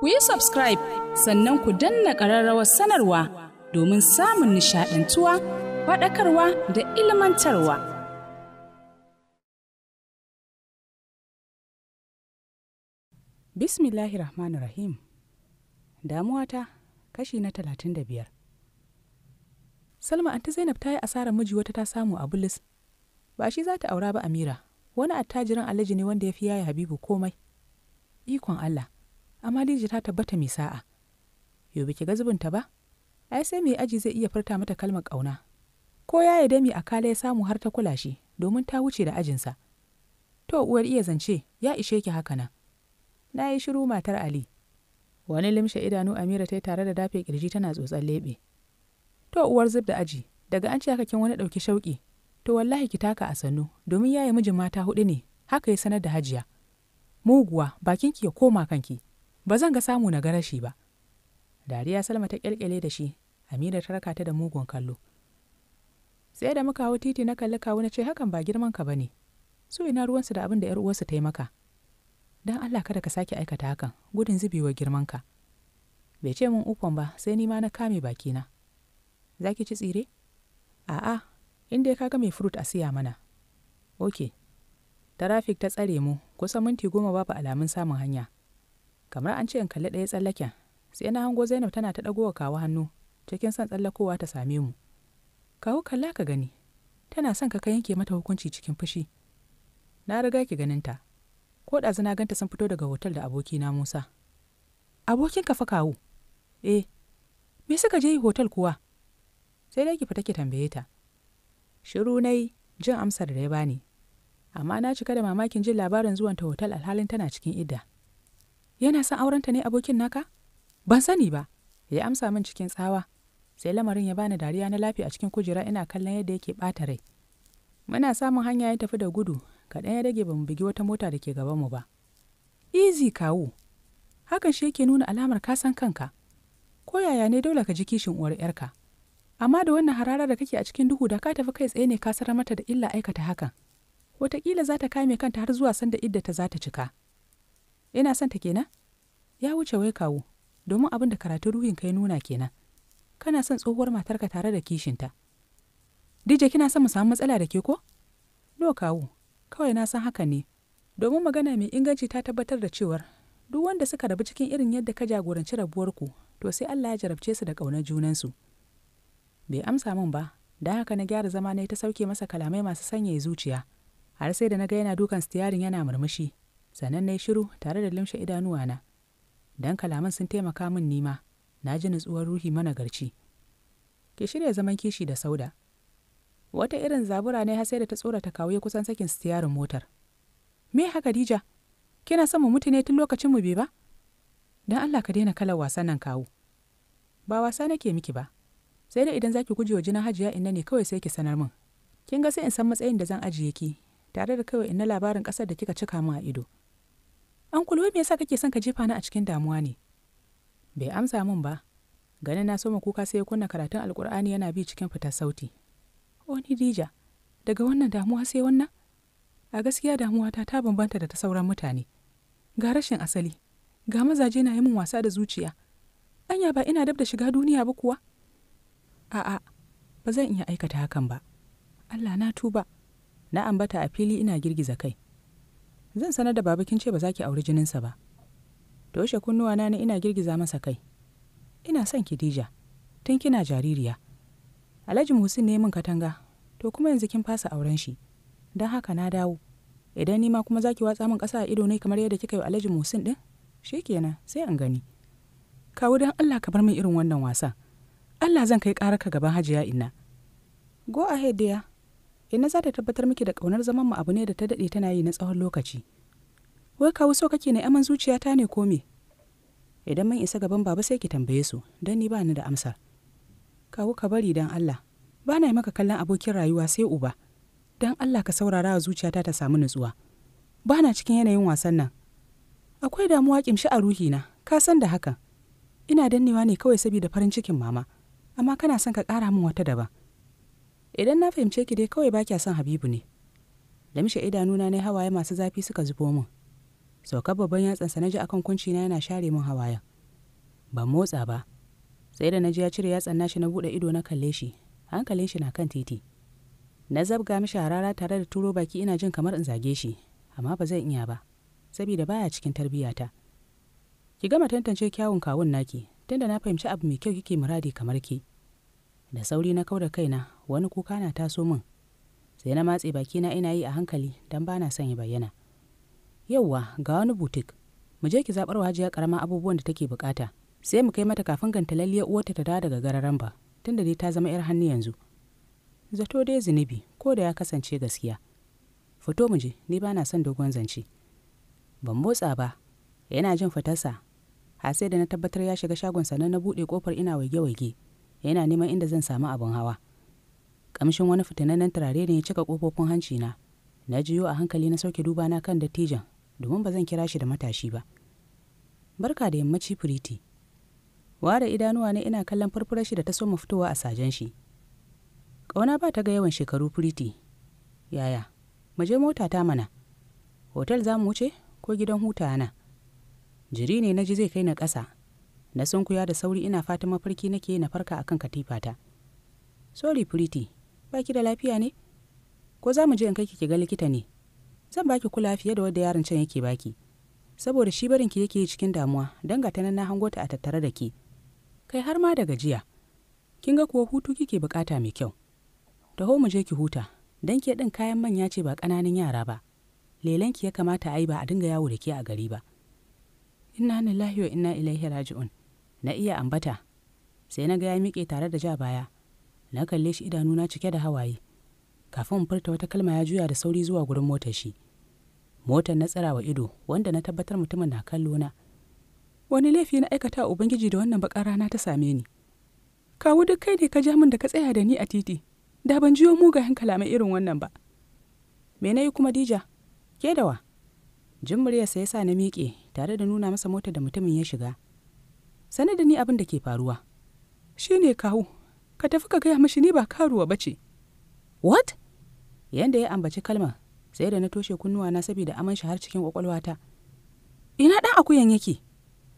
ku yi subscribe sannan ku danna ƙararrawar sanarwa domin samun nishaɗantuwa faɗakarwa da ilmantarwa. Bismillahi Rahmanu Rahim Damuwata kashi na talatin da biyar. Salma anti Zainab ta yi asarar miji wata ta samu a Bulis. Ba shi za ta aura ba Amira, wani attajirin alhaji ne wanda ya fi yaya Habibu komai. Ikon Allah. amma Liji ta tabbata mai sa'a. Yau biki ga ta ba? Ai sai mai aji zai iya furta mata kalmar ƙauna. Ko ya yi dami a kala ya samu har ta kula shi domin ta wuce da ajinsa. To uwar iya zance ya ishe ki haka nan. Na yi shiru matar Ali. Wani limshe idanu Amira ta yi tare da dafe kirji tana tsotsan leɓe. To uwar zub da aji daga an ce haka kin wani ɗauki shauƙi. To wallahi ki taka a sannu domin yi mijin mata huɗu ne haka ya sanar da hajiya. Muguwa bakinki ya koma kanki. ba zan ga samu na ga rashi ba dariya salma ta kyalkyale da shi amira ta raka ta da mugun kallo sai da muka hau titi na kalli kawu na ce hakan ba girman ka ne. su ina ruwansu da abin da yar uwarsu ta yi maka dan Allah kada ka sake aikata hakan gudun zubewa girman ka bai ce min ukon ba sai ni ma na kame bakina ki ci tsire a'a inda ka ga mai fruit a siya mana ok tarafik ta tsare mu kusan minti goma babu alamun samun hanya kamar an ce in kalli ɗaya tsallaken sai na hango zainab tana ta ɗagowa kawo hannu cikin son tsallakowa ta same mu kawo kalla ka gani tana son ka kai yanke mata hukunci cikin fushi na riga ki ganin ta ko ɗazu na ganta sun fito daga hotel da abokina musa abokin ka fa kawo eh me suka je yi hotel kuwa sai dai ki fita ki tambaye ta shiru na yi jin amsar da ya bani amma na cika da mamakin jin labarin zuwanta hotel alhalin tana cikin idda yana son aurenta ne abokin naka ban sani ba ya amsa min cikin tsawa sai lamarin ya bani dariya na lafiya a cikin kujera ina kallon yadda yake ɓata rai muna samun hanya ya tafi da gudu kaɗan ya rage bamu bugi wata mota da ke mu ba izi kawu. hakan shi yake nuna alamar kasan kanka ko yaya ne dole ka ji kishin uwar yarka amma da wannan harara da kake a cikin duhu da ka tafi kai tsaye ne ka sarar mata da illa aikata hakan wataƙila za ta kame kanta har zuwa sanda idda ta za ta cika ina son ta kenan ya wuce wai kawo domin abin da karatun ruhin ka ya nuna kenan kana son tsohuwar matarka tare da kishinta dije kina son mu samu matsala da ke ko no kawo kawai na san haka ne domin magana mai inganci ta tabbatar da cewar duk wanda suka rabu cikin irin yadda ka jagoranci rabuwarku to sai Allah ya jarabce su da ƙaunar junansu bai amsa min ba da haka na gyara zama na ta sauke masa kalamai masu sanyaya zuciya har sai da na ga yana dukan stiyarin yana murmushi sannan na yi shiru tare da limshe idanuwana dan kalaman sun taimaka min nima na ji nutsuwar ruhi mana garci ki shirya zaman kishi da sauda wata irin zabura ne sai da ta tsorata kawo ya kusan sakin siyarin motar me haka dija kina son mu mutu ne tun lokacin mu bai ba Don Allah ka daina kalar wasan nan kawo ba wasa nake miki ba sai dai idan zaki guje wa jinin hajiya inna ne kawai sai ki sanar min kin ga sai in san matsayin da zan ajiye ki tare da kawai inna labarin kasar da kika cika min a ido an kulwa me yasa kake son ka jefa ni a cikin damuwa ne bai amsa min ba ganin na soma kuka sai ya kunna karatun alkur'ani yana bi cikin fitar sauti o ni dija daga wannan damuwa sai wannan a gaskiya damuwata ta bambanta da ta sauran mutane ga rashin asali ga mazaje na yi min wasa da zuciya anya ba ina dab da shiga duniya ba kuwa a'a ba zan iya aikata hakan ba allah na tuba na ambata a fili ina girgiza kai zan sanar da baba kin ce ba za ki auri jininsa ba shi kunnuwana na ina girgiza masa kai ina son ki, Dija. tun kina jaririya alhaji musin ne min katanga to kuma yanzu kin fasa auren shi don haka na dawo idan ni ma kuma za ki watsa min kasa a ido ne kamar yadda kika yi alhaji musin ɗin shikenan sai an gani kawo dan allah ka bar min irin wannan wasa allah zan kai karaka gaban hajiya inna go ahead dear ina za ta tabbatar miki da ƙaunar zaman mu abu ne da ta daɗe tana yi na tsawon lokaci wai kawo so kake ne aman zuciyata ne ko me idan mun isa gaban baba sai ki tambaye su dan ni ba ni da amsa kawo ka bari dan allah ba na yi maka kallon abokin rayuwa sai uba don allah ka saurara wa zuciyata ta samu nutsuwa ba na cikin yanayin wasan nan akwai damuwa kimshi a ruhina ka san da haka ina dannewa ne kawai saboda farin cikin mama amma kana son ka ƙara min wata daban idan na fahimce ki dai kawai ba kya son habibu ne lamshe idanuna ne hawaye masu zafi suka zubo min saukar babban yatsansa na ji akan kuncina yana share min hawayen ban motsa ba sai da na ji ya cire yatsan nashi na buɗe ido na kalle shi hankalin shi na kan titi na zabga mishi harara tare da turo baki ina jin kamar in zage shi amma ba zan iya ba saboda baya cikin tarbiyyata ki gama tantance kyawun kawun naki tunda na fahimci abu mai kyau kike muradi kamar ki da sauri na kau da kaina wani kuka na taso min sai na matse bakina ina yi a hankali don bana son ya bayyana yauwa ga wani butik mu je ki zaɓar hajiya karama abubuwan da take bukata sai mu kai mata kafin gantalalliyar uwarta ta dawo daga gararan ba tunda dai ta zama 'yar hannu yanzu zato dai zinubi ko da ya kasance gaskiya fito mu je ni bana son dogon zance ban motsa ba yana jin fitarsa har sai da na tabbatar ya shiga shagon sannan na buɗe kofar ina waige-waige yana neman inda zan samu abin hawa kamshin wani fitinannen turare ne ya cika ƙofofin hanci na na jiyo a hankali na sauke duba na kan dattijan domin ba zan kira shi da matashi ba barka da yammaci firiti ware idanuwa na ina kallon furfurar shi da ta soma fitowa a sajen shi ƙauna ba ta ga yawan shekaru firiti yaya mu je mota ta mana hotel za mu wuce ko gidan huta na jiri ne na ji zai kai na ƙasa na sunkuya da sauri ina fatan mafarki nake na farka akan katifata sorry pretty baki da lafiya ne ko za mu je in kai ki ga likita ne zan baki kula fiye da wanda yaron can yake baki saboda shi barin ki yake cikin damuwa dan ga na hango ta a tattare da ki kai har ma da gajiya kin ga kuwa hutu kike bukata mai kyau taho mu je ki huta dan ke din kayan manya ce ba kananan yara ba lelanki ya kamata a yi ba a dinga yawo da ke a gari ba inna lillahi wa inna ilaihi raji'un na iya ambata sai na ga ya miƙe tare da ja baya na kalle shi idanuna cike da hawaye kafin in furta wata kalma ya juya da sauri zuwa gurin motar shi motar na tsara wa ido wanda na tabbatar mutumin na kallo na wani laifi na aikata ubangiji da wannan bakar rana ta same ni kawo duk kai ne ka ja min da ka tsaya da ni a titi da ban jiyo mugayen kalamai irin wannan ba me na yi kuma dija ke da wa jin muryarsa ya sa na miƙe tare da nuna masa motar da mutumin ya shiga sani da ni abin da ke faruwa shi ne kawo ka tafi ka gaya mashi ni ba karuwa ba ce what yanda ya ambaci kalma sai da na toshe kunnuwa na saboda aman shi har cikin kwakwalwata ina ɗan akuyan yake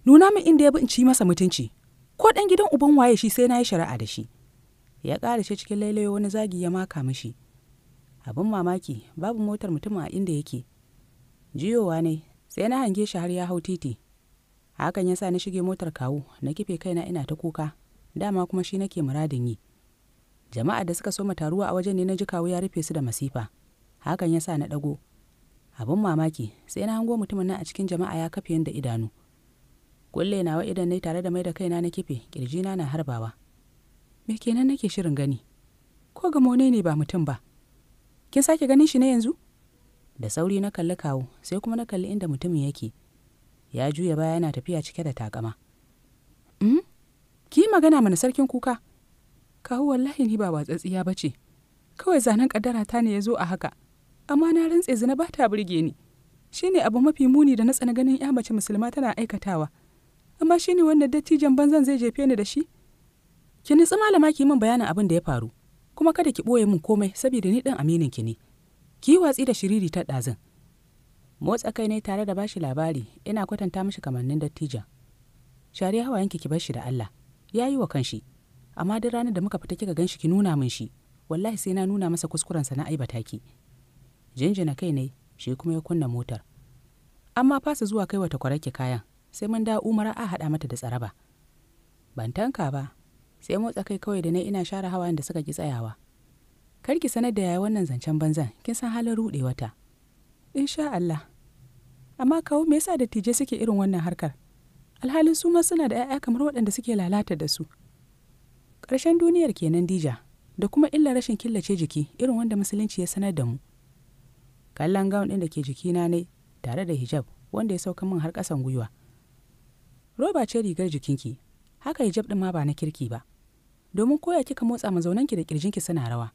nuna min inda ya bi in ci masa mutunci ko ɗan gidan uban waye shi sai na yi shari'a da shi ya ƙara shi cikin lailayo wani zagi ya maka shi. abin mamaki babu motar mutum a inda yake jiyowa ne sai na hange shi har ya hau titi hakan ya sa na shige motar kawu na kife kaina ina ta kuka dama kuma shi nake muradin yi jama'a da suka so taruwa a wajen ne na ji kawu ya rufe su da masifa hakan ya sa na ɗago abin mamaki sai na hango mutumin nan a cikin jama'a ya kafe da idanu kulle nawa idan ne tare da mai da kaina na kife kirjina na harbawa me kenan nake shirin gani ko ga mone ne ba mutum ba kin sake ganin shi ne yanzu da sauri na kalli kawo sai kuma na kalli inda mutumin yake ya juya baya yana tafiya cike da takama Hmm? ki magana mana sarkin kuka kawo wallahi ni ba watsatsiya ba ce kawai zanen kaddara ta ne ya zo a haka amma na rantse zina ba ta burge ni ne abu mafi muni da na tsana ganin ya mace musulma tana aikatawa amma shi ne wanda dattijan banzan zai jefe ni da shi ki nitsi malama ki min bayanin abin da ya faru kuma kada ki ɓoye min komai saboda ni ɗan aminin ki ne ki yi watsi da shiriri ta ɗazin motsa kai ne tare da bashi labari ina kwatanta mishi kamannin dattijan shari yanki ki bar shi da Allah ya yi wa kanshi amma duk ranar da muka fita kika ganshi ki nuna min shi wallahi sai na nuna masa kuskurensa na aibata ki jinjina kai ne shi kuma ya kunna motar amma fasa zuwa kai wata ki kayan sai mun da umara a haɗa mata da tsaraba ban tanka ba sai motsa kai kawai da na ina share hawayen da suka ki tsayawa kar ki sanar da yaya wannan zancen banzan kin san halin ruɗe wata insha Allah amma kawo me yasa dattijai suke irin wannan harkar alhalin su ma suna da 'ya'ya kamar waɗanda suke lalata da su ƙarshen duniyar kenan dija da kuma illa rashin killace jiki irin wanda musulunci ya sanar da mu kallon gawun ɗin da ke jikina ne tare da hijab wanda ya sauka min har ƙasan gwiwa roba ce rigar jikinki haka hijab ɗin ma ba na kirki ba domin koya kika motsa mazaunanki da ƙirjinki suna rawa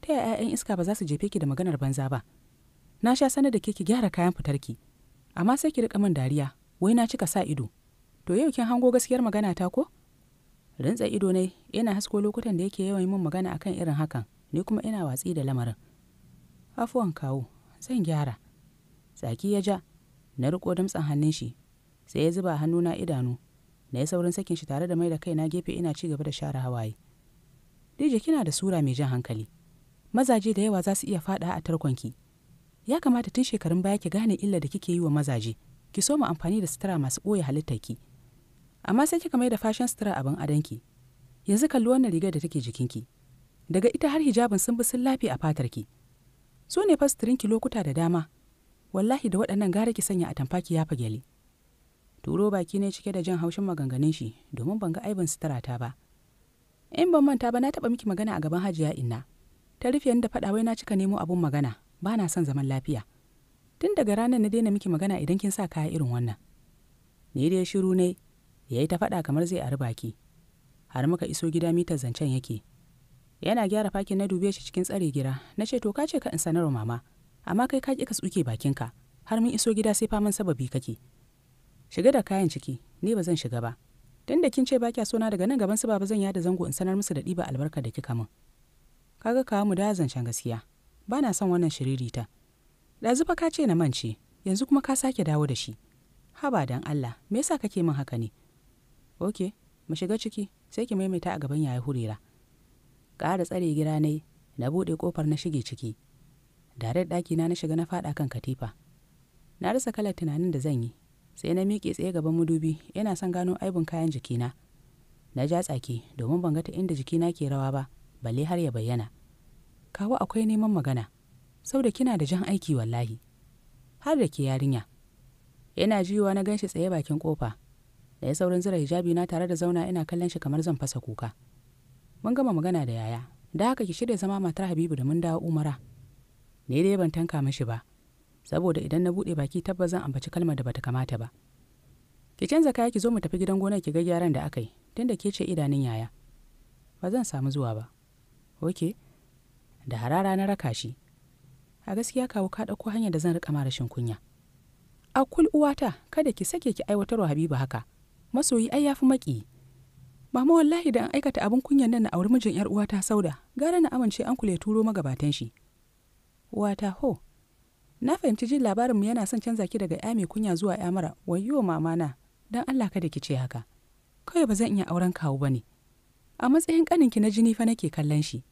ta yaya 'ya'yan iska ba za su jefe ki da maganar banza ba na sha sanar da ke ki gyara kayan fitarki amma sai ki riƙa min dariya wai na cika sa ido to yau kin hango gaskiyar magana ta ko rintsa ido ne yana hasko lokutan da yake yawan min magana akan irin hakan ni kuma ina watsi da lamarin afuwan kawo zan gyara tsaki ya ja na riko damtsan hannun shi sai ya zuba hannuna idanu na yi saurin sakin shi tare da mai da na gefe ina ci gaba da share hawaye dije kina da sura mai jan hankali mazaje da yawa za su iya faɗa a tarkonki ya kamata tun shekarun baya ki gane illa da kike yi wa mazaje ki so mu amfani da sutura masu ɓoye ki amma sai kika mai da fashin sutura abin adanki yanzu kalli wannan rigar da take jikinki daga ita har hijabin sun bi sun lafi a fatar ki. so ne ki lokuta da dama wallahi da waɗannan gara ki sanya a tamfaki ya fagele turo baki ne cike da jan haushin maganganun shi domin ban ga aibin sutura ta ba in ban manta ba na taɓa miki magana a gaban hajiya inna ta rufe da faɗa wai na cika nemo abun magana ba na son zaman lafiya tun daga ranar na daina miki magana idan kin sa kaya irin wannan ni dai shiru ne ya yi ta faɗa kamar zai ari baki har muka iso gida mita zancen yake yana gyara fakin na dube shi cikin tsare gira na ce to ka ce ka in sanarwa mama amma kai ka ki ka tsuke bakinka har mun iso gida sai faman sababi kake shiga da kayan ciki ni ba zan shiga ba tun da kin ce ba kya sona daga nan gaban su baba zan yada zango in sanar musu da ɗiba albarka da kika min kaga kawo mu da zancen gaskiya ba na son wannan shiririta ɗazu fa ka ce na mance yanzu kuma ka sake dawo da shi haba dan allah me yasa kake min haka ne ok mu shiga ciki sai ki maimaita a gaban yayi hurera ƙara tsare gira na na buɗe ƙofar na shige ciki dare ɗakina na shiga na faɗa kan katifa na rasa kalar tunanin da zan yi sai na miƙe tsaye gaban madubi yana son gano aibun kayan jikina na ja tsaki domin ban ga ta inda jikina ke rawa ba balle har ya bayyana kawo akwai neman magana sau da kina da jan aiki wallahi har da ke yarinya yana jiwa na ganshi tsaye bakin kofa da ya saurin zira hijabi na tare da zauna ina kallon shi kamar zan fasa kuka mun gama magana da yaya da haka ki shirya zama matar habibu da mun dawo umara ne dai ban tanka mishi ba saboda idan na bude baki tabbas zan ambaci kalmar da bata kamata ba ki canza kaya ki zo mu tafi gidan gonar ki ga gyaran da aka yi tunda ke ce idanun yaya ba zan samu zuwa ba oke okay. da harara na raka shi a gaskiya kawo ka ɗauko hanyar da zan riƙa ma rashin kunya a kul uwata kada ki sake ki aiwatarwa habiba haka masoyi ai yafi maki mama wallahi da an aikata abin kunyan nan na auri mijin yar uwata sauda gara na amince an kule turo magabatan shi Wata ho na fahimci jin labarinmu yana son canza ki daga ya mai kunya zuwa ya mara wayyo mamana don allah kada ki ce haka kawai ba zan iya auren kawo ba ne a matsayin ƙaninki na jini fa nake kallon shi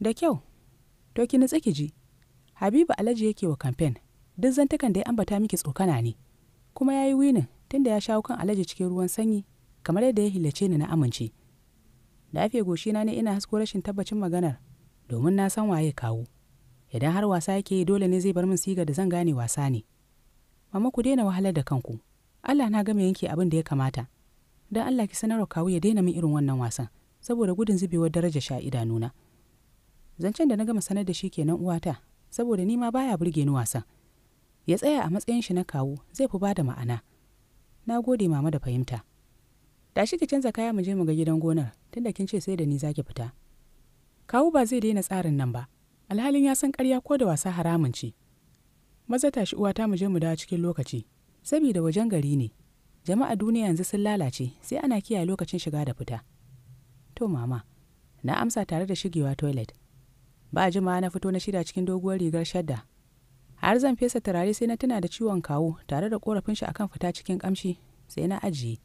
da kyau to ki nutsi ki ji habibu alhaji yake wa kamfen duk zantakan da ya ambata miki tsokana ne kuma ya yi winin da ya shawo kan alhaji cikin ruwan sanyi kamar yadda ya hilace ni na amince da afe na ne ina hasko rashin tabbacin maganar domin na san waye kawo idan har wasa yake yi dole ne zai bar min siga da zan gane wasa ne mama ku daina wahalar da kanku allah na gama yanke abin da ya kamata don allah ki sanarwa kawu ya daina min irin wannan wasan saboda gudun zubewar daraja sha idanuna. zancen da na gama sanar da shi kenan uwata saboda ni ma baya burge ni wasan ya tsaya a matsayin shi na kawo zai fi bada ma'ana na gode mama da fahimta tashi ki canza kaya mu je mu ga gidan gonar tunda kin ce sai da ni zaki fita kawu ba zai daina tsarin nan ba alhalin ya san ƙarya ko da wasa haramun ce maza shi uwata mu je mu dawo cikin lokaci saboda wajen gari ne jama'a duniya yanzu sun lalace sai ana kiyaye lokacin shiga da fita to mama na amsa tare da shigewa toilet ba jimawa na fito na shida cikin doguwar rigar shadda har zan fesa turare sai na tuna da ciwon kawo tare da korafin shi akan fita cikin kamshi sai na ajiye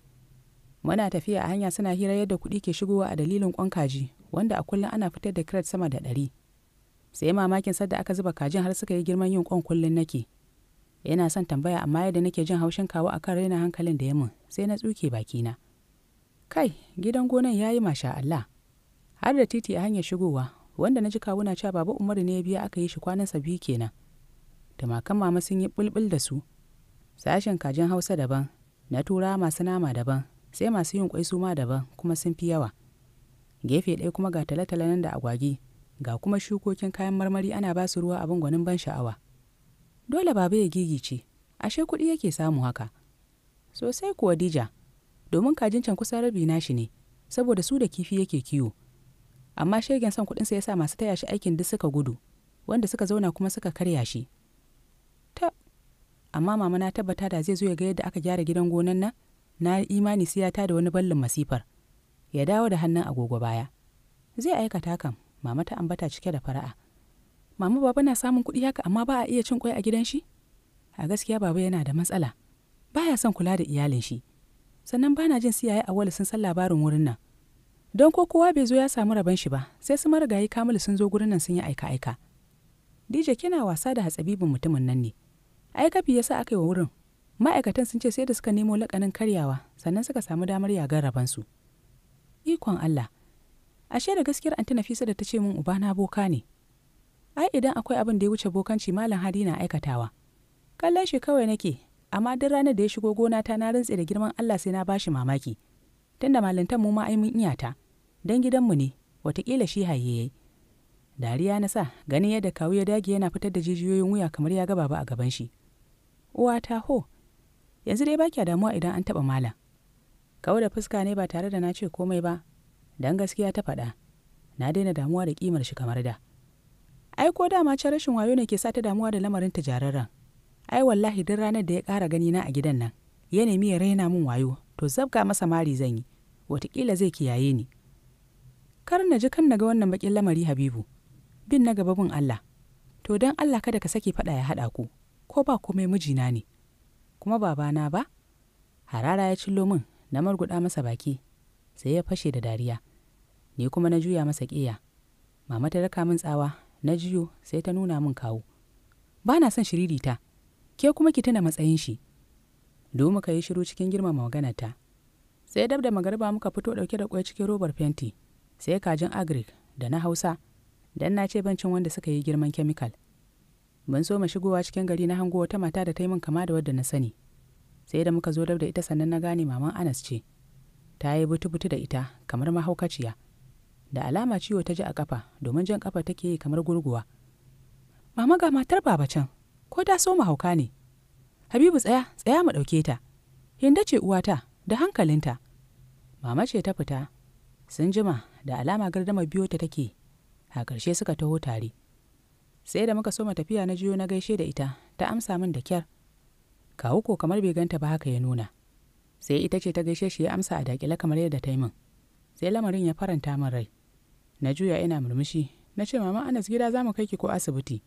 muna tafiya a hanya suna hirar yadda kuɗi ke shigowa a dalilin kwan kaji wanda a kullum ana fitar da kiret sama da ɗari sai mamakin sadda aka zuba kajin har suka yi girman yin kwan kullum nake yana son tambaya amma yadda nake jin haushin kawo kan raina hankalin da ya mun sai na tsuke bakina kai gidan gonan ya yi masha Allah har da titi a hanyar shigowa wanda na ji kawuna cewa baba umaru ne ya biya aka yi shi kwanan sa biyu kenan tumakan mama sun yi bulbul da su sashen kajin hausa daban na tura masu nama daban sai masu yin kwai su ma daban kuma sun fi yawa gefe ɗaya kuma ga talatala nan da agwagi ga kuma shukokin kayan marmari ana ba su ruwa abin gwanin ban sha'awa dole baba ya gigice ashe kuɗi yake samu haka sosai kuwa dija domin kajin can kusa rabi nashi ne saboda su da kifi yake kiwo amma shegen son kudinsa ya sa masu taya shi aikin duk suka gudu wanda suka zauna kuma suka karya shi ta amma mama na tabbata da zai zo ya ga yadda aka gyara gidan gonan nan na imani sai ya da wani ballin masifar ya dawo da hannun agogo baya zai aikata kan mama ta ambata cike da fara'a mama baba na samun kuɗi haka amma ba a iya cin kwai a gidan shi a gaskiya baba yana da matsala baya son kula da iyalin shi sannan bana jin siyaye wali sun san labarin wurin nan don ko kowa bai zo ya samu rabon shi ba sai su marigayi kamilu sun zo gurin nan sun yi aika aika Dije, kina wasa da hatsabibin mutumin nan ne aikafi ya sa aka yi wa wurin ma'aikatan sun ce sai da suka nemo lakanin karyawa sannan suka samu damar yagar su ikon allah ashe da gaskiyar anti nafisa da ta ce min ubana boka ne ai idan akwai abin da ya wuce bokanci malam hadi na aikatawa kallon shi kawai nake amma duk ranar da ya shigo gona ta na rintse da girman allah sai na bashi mamaki tunda malintan mu ma ai mun iyata don gidanmu ne watakila shi haye yayi dariya na sa ganin yadda kawu ya dage yana fitar da jijiyoyin wuya kamar ya gaba ba a gaban shi uwa ta ho yanzu dai baki damuwa idan an taba mala kawu da fuska ne ba tare da na ce komai ba dan gaskiya ta faɗa na daina damuwa da kimar shi kamar da ai ko dama can rashin wayo ne ke sa ta damuwa da lamarin ta jararren ai wallahi duk ranar da ya ƙara gani na a gidan nan ya nemi ya raina min wayo to zabga masa mari zan yi watakila zai kiyaye ni kar na ji kan na ga wannan bakin lamari habibu bin na gaba bin allah to don allah kada ka sake faɗa ya haɗa ku ko ba komai mijina ne kuma babana ba harara ya cillo min na marguɗa masa baki sai ya fashe da dariya ni kuma na juya masa ƙeya. mama ta raka min tsawa na jiyo sai ta nuna min kawo ba na son shiririta ke kuma ki tana matsayin shi domin ka yi shiru cikin girmama maganarta sai dab da magarba muka fito ɗauke da kwai cikin robar fenti sai kajin agric da na hausa dan na ce bancin wanda suka yi girman kemikal ban so mu shigowa cikin gari na hango wata mata da ta yi min kama da wadda na sani sai da muka zo dab da ita sannan na gane maman anas ce ta yi butu-butu da ita kamar mahaukaciya da alama ciwo ta ji a kafa domin jan kafa take yi kamar gurguwa mama ga matar baba can ko ta so hauka ne habibu tsaya tsaya mu ɗauke ta hinda ce uwata da hankalinta mama ce ta fita sun jima da alama gardama biyo ta take a ƙarshe suka taho tare sai da muka soma tafiya na jiyo na gaishe da ita ta amsa min da kyar Kawu ko kamar bai ganta ba haka ya nuna sai ita ce ta gaishe shi ya amsa a dakile kamar yadda ta yi min sai lamarin ya faranta min rai na juya ina murmushi na ce mama anas gida za mu kai ki ko asibiti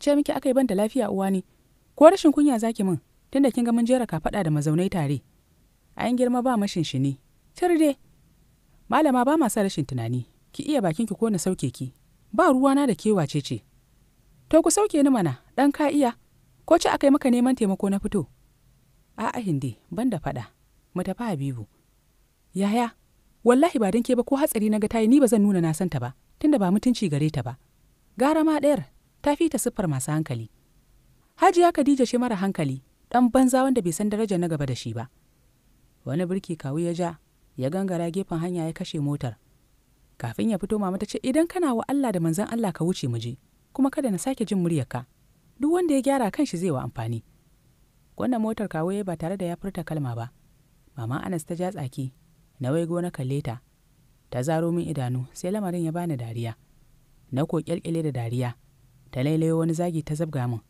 ce miki aka yi ban da lafiya uwa ni. ko rashin kunya zaki min tunda kin ga mun jera kafaɗa da mazaunai tare a yin girma ba mashin shi ne Tirde. malama ba ma rashin tunani ki iya bakinki ko na sauke ki ba ruwana da kewace ce to ku sauke ni mana ɗan ka iya ko ci aka yi maka neman taimako na fito a'a hindi ban da faɗa mu tafi habibu yaya wallahi ba don ke ba ko hatsari na ga tayi ni ba zan nuna na santa ba tunda ba mutunci gare ta ba gara ma ɗayar ta fita ta siffar masu hankali hajiya khadija shi mara hankali ɗan banza wanda bai san daraja na gaba da shi ba wani birki kawu ya ja ya gangara gefen hanya ya kashe motar kafin ya fito mama ta ce idan kana wa Allah da manzon Allah ka wuce mu je kuma kada na sake jin muryarka duk wanda ya gyara kanshi zai wa amfani wannan motar kawo ba tare da ya furta kalma ba mama Anas ta ja tsaki na waigo na kalle ta ta zaro min idanu sai lamarin ya bani dariya na ko kyalkyale da dariya ta lailayo wani zagi ta zabga min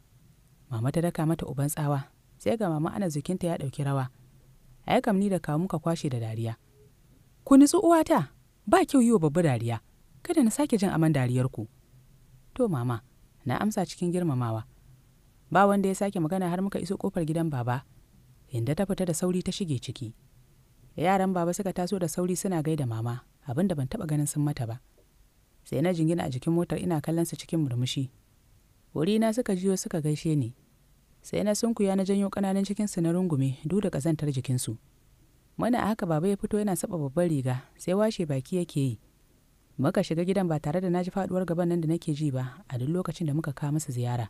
mama ta daka mata uban tsawa sai ga mama Anas jikinta ya dauki rawa ai kam ni da kawo muka kwashe da dariya ku nutsu uwata ba kyau yi wa babba dariya kada na sake jin aman dariyarku to mama na amsa cikin girmamawa ba wanda ya sake magana har muka iso kofar gidan baba inda ta fita da sauri ta shige ciki yaran baba suka taso da sauri suna gaida mama abinda ban taba ganin sun mata ba sai na jingina a jikin motar ina kallon su cikin murmushi wuri na suka jiyo suka gaishe ni sai na sunkuya na janyo kananan cikin su na rungume duk da kazantar jikinsu su mana a haka baba ya fito yana saba babbar riga sai washe baki yake yi muka shiga gidan ba tare da na ji faduwar gaban nan da nake ji ba a duk lokacin da muka kawo masa ziyara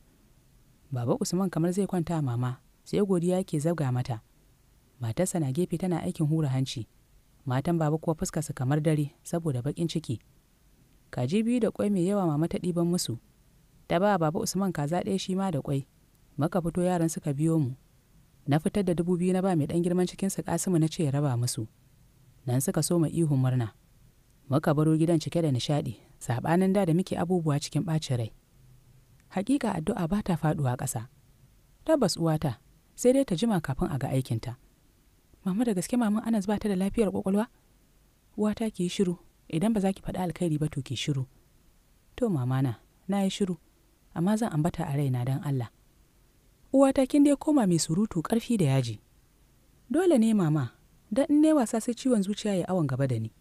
baba usman kamar zai kwanta mama sai godiya ke zabga mata matarsa na gefe tana aikin hura hanci matan baba kuwa su kamar dare saboda bakin ciki kaji biyu da kwai mai yawa mama ta ɗiban musu ta ba baba usman kaza ɗaya shi ma da kwai muka fito yaran suka biyo mu na fitar da dubu biyu na ba mai ɗan girman cikinsu kasimu na ce ya raba musu nan suka so mu ihu murna muka baro gidan cike da nishaɗi saɓanin da da muke abubuwa cikin ɓacin rai hakika addu'a ba ta faɗuwa ƙasa tabbas uwata sai dai ta jima kafin a ga aikinta mama da gaske maman anas ba ta da lafiyar ƙwaƙwalwa uwata ki yi shiru idan ba za ki faɗi alkhairi ba to ki shiru to mamana na yi shiru amma zan ambata a raina don allah uwata kin dai koma mai surutu ƙarfi da yaji dole ne mama don in ne wasa sai ciwon zuciya ya awon gaba da ni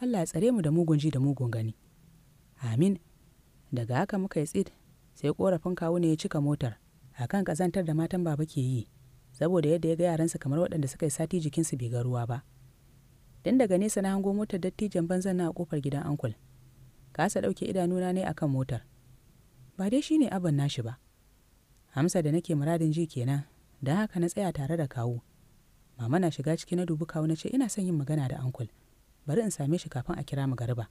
allah ya tsare mu da mugun ji da mugun gani amin daga haka muka yi tsid sai korafin kawu ne ya cika motar a kan kazantar da matan baba ke yi saboda yadda ya ga yaransa kamar waɗanda suka yi sati jikinsu bai ga ruwa ba dan daga nesa na hango motar dattijan banzan na kofar gidan ankul kasa ɗauke idanuna ne akan motar ba dai shine abin nashi ba amsa da nake muradin ji kenan don haka na tsaya tare da kawu mama na shiga ciki na dubi kawu na ce ina son yin magana da ankul bari in same shi kafin a kira mu garba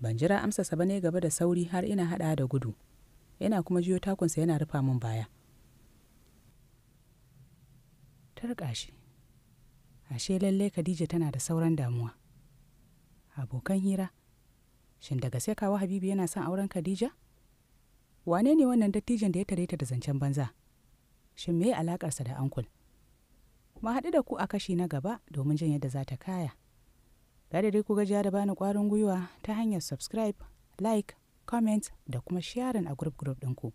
ban jira amsarsa ba ne gaba da sauri har ina hada da gudu ina kuma jiyo takunsa yana rufa min baya tarƙa shi ashe lallai khadija tana da sauran damuwa abokan hira shin daga sai kawo habibu yana son auren khadija wane ne wannan dattijan da ya tare ta da zancen banza shin me alakarsa da ankul mu haɗu da ku a kashi na gaba domin jin yadda za ta kaya Gada dai ku gajiya da bani ƙwarin gwiwa ta hanyar subscribe like comment da kuma sharing a group group ɗinku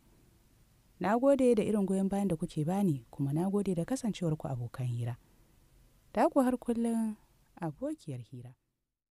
na gode da irin goyon bayan da kuke bani kuma na gode da kasancewarku abokan hira ta ku har kullum abokiyar hira